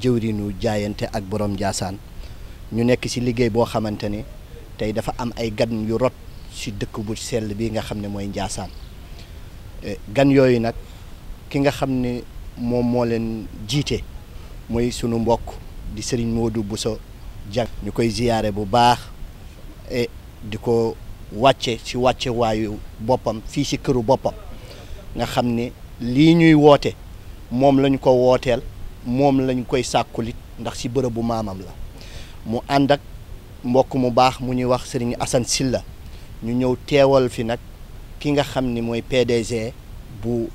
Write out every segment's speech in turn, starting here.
jëwriñu jaayante ak borom Ndiassane ñu nekk ci liggéey boo xamante ne tey dafa am ay gan yu rot ci dëkk bu sell bi nga xam ne mooy Ndiassane eh, gan yooyu nag ki nga xam ne moom moo leen jiite mooy sunu mbokk di Serigne Modou Bousso Dieng ñu koy ziyaare bu baax eh, di ko wàcce ci wàcce waayu boppam fii ci këru boppam nga xam ne lii ñuy woote moom lañu ko wooteel moom lañ koy sàkkulit ndax si bu maamam la mu ànd ak mbokk mu baax mu ñuy wax sëriñ Assane Silla ñu ñëw teewal fi nag ki nga xam ni mooy PDG bu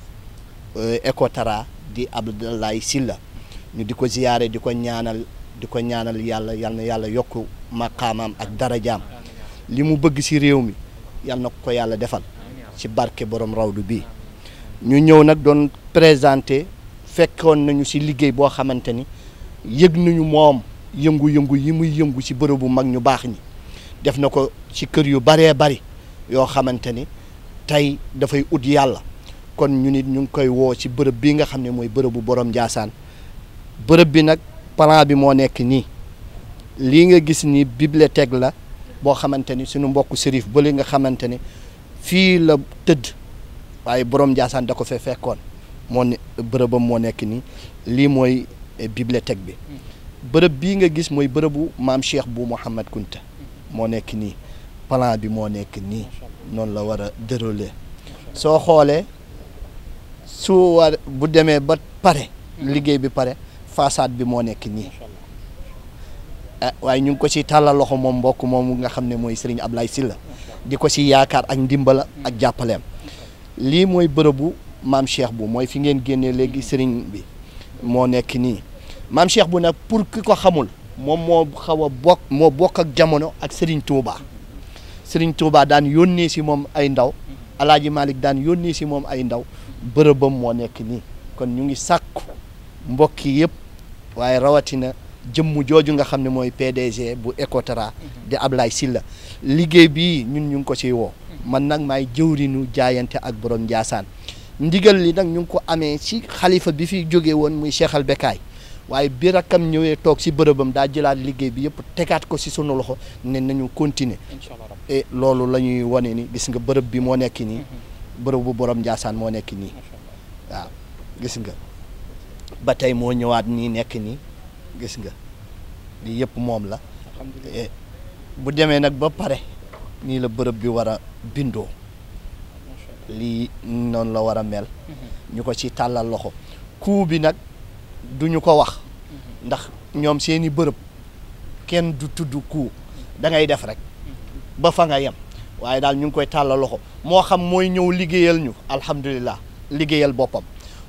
euh, Ecotara di Abdoulaye Silla ñu di ko ziyaare di ko ñaanal di ko ñaanal yàlla yal yàlla yokk maqaamaam ak darajaam li mu bëgg si réew mi yal na ko yàlla defal ci barke borom rawdu bii ñu ñëw nag doon présenté Fekon nañu ci liggey bo xamanteni yegg nañu mom yëngu-yëngu yi muy yëngu si bu mag ñu bax ñi def nako ci kër yu bare bare yo xamanteni tay da fay ut yalla kon ñu nit ñu koy wo ci bërëb bi nga xamne moy mooy bu borom Ndiassane bërëb bi nak plan bi mo nekk ni li nga gis ni bibliothèque la bo xamanteni suñu mbokk serif ba li nga xamanteni fi la teud waye borom Ndiassane da ko fe fekkone moo ne bërëbam moo nekk nii lii mooy eh, bibliothèque bi bërëb bii nga gis mooy bërëbu maam Cheikh bu Mouhamad Kunta moo nekk nii plan bi moo nekk nii noonu la war a dérouler soo xoolee su war bu demee ba pare liggéey bi pare façade bi moo nekk nii eh, waaye ñu ngi ko ci tàllal loxo moom mbokk moomu nga xam ne mooy sëriñ Serigne Ablaye Sylla di ko ci yaakaar ak ndimbala ak jàppaleem lii mooy bërëbu maam Cheikh bu mooy fi ngeen génnee léegi sëriñ bi moo nekk nii maam Cheikh bu nag pour ki ko xamul moom moo xaw a bokk moo bokk ak jamono ak sëriñ Touba sëriñ Touba daan yónnee si moom ay ndaw alaaji Malick daan yónnee si moom ay ndaw bërëbam moo nekk nii kon ñu ngi sàkku mbokk yi yëpp waaye rawatina jëmm jooju nga xam ne mooy PDG bu Ecotra di si la liggéey bi ñun ñu ngi ko siy woo man nag maay jëwrinu jaayante ak borom Ndiassane ndigal li nag ñu ngi ko amee ci xalifa bi fi jóge woon muy Cheikh bekkaay Becaye waaye bi rakkam ñëwee toog si bërëbam daa jëlaat liggéey bi yëpp tegaat ko si sunu loxo ne nañu continuer eh, loolu la ñuy wane ni gis nga bërëb bi moo nekk nii mm-hmm. bërëb bu borom Ndiassane moo nekk nii waaw gis nga ba tey moo ñëwaat nii nekk nii gis nga lii yëpp moom la eh, bu demee nag ba pare nii la bërëb bi war a bindoo li non la wara mel ñuko si ci talal loxo ku bi nak duñu ko wax ndax ñom seeni bërëb kenn du tuddu ku da ngay def rek ba fa nga yam waye dal ñu ngi koy talal loxo mo xam moy ñew ligéeyal ñu alhamdullilah ligéeyal bopam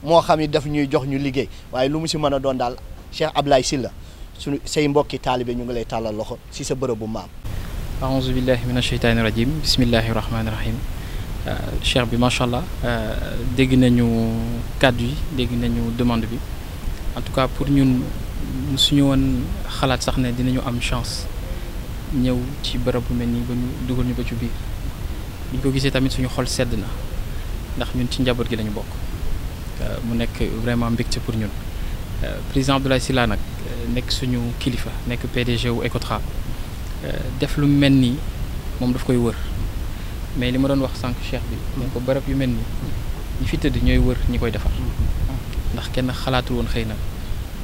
mo xam it daf ñuy jox ñu ligéey waye lu mu si mëna doon dal Cheikh ablay silla suñu sey mbokki talibé ñu ngi lay loxo ci sa bu maam. aouzu billahi minash asheytaani rajim bismillahir rahmanir rahim Euh, cher bi macha allah euh, dégg nañu kàddu yi dégg nañu demande bi en tout cas pour ñun suñu won xalaat sax ne dinañu am chance ñëw ci bërëb bu mel nii ba ñu dugal ñu ba ci biir ñu ko gisee tamit suñu xol sedd na ndax ñun ci njaboot gi lañu bokk euh, mu nekk vraiment mbégte pour ñun président Abdoulaye sila nag nekk suñu kilifa nekk PDG wu Ecotra def lu mel nii moom daf koy wër. mais li ma doon wax sànq cheikh bi ne ko barab yu mel ni ñi fi tëdd ñooy wër ñi koy defar mm-hmm. Mm-hmm. ndax kenn xalaatul woon xëy na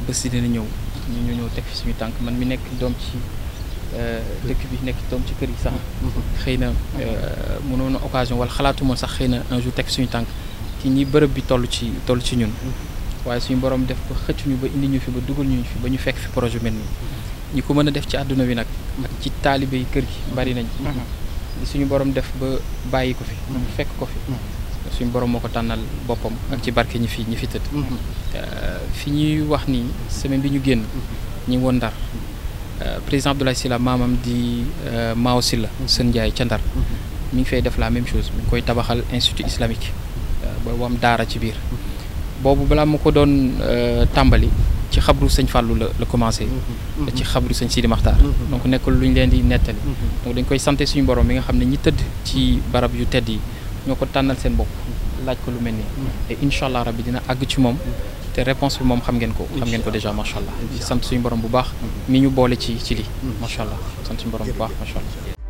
bés si dina ñëw ñu ñëw teg fi suñu tànk man mi nekk doom ci euh, dëkk bi nekk doom ci kër gi sax mm-hmm. xëy na euh, mënoon occasion wala xalaatu moon sax xëy na un jour teg suñu tànk ci ñi bërëb bi toll ci toll ci ñun waaye suñu borom def ba xëcc ba indi ñu fi ba dugal ñu fi ba ñu fekk fi projet mel nii ñi ko mën a def ci àdduna bi nag ak ci taalibe yi kër gi bari nañ suñu borom def ba bàyyi ko fi mm-hmm. fekk ko fi mm-hmm. suñu borom moo ko tànnal boppam ak ci mm-hmm. barke ñi fi ñi fi tëdd euh, fi ñuy wax ni semaine bi ñu génn ñi ngi woon Ndar euh, président Abdoulaye Sylla maamam di euh, Mao Sylla sën Ndiaye ca Ndar mi ngi fay def la même chose mi ngi koy tabaxal institut islamique ba wam daara ci biir boobu balaa ma ko doon tàmbali ci xabru seigne Fallou la la commencé. Mm-hmm. Mm-hmm. ci xabru seigne Sidi makhtar mm-hmm. donc nekkul luñ ñu leen di netali donc dañ koy santé suñu borom mi nga xam ñi tëdd ci barab yu tedd yi ñoo ko seen bopp laaj ko lu melni et inshallah rabbi dina ag ci mom te réponse bi moom xam ngeen ko xam ngeen ko déjà machallah allah suñu borom bu baax mi ñu bolé ci ci li machallah allah suñu borom bu baax machallah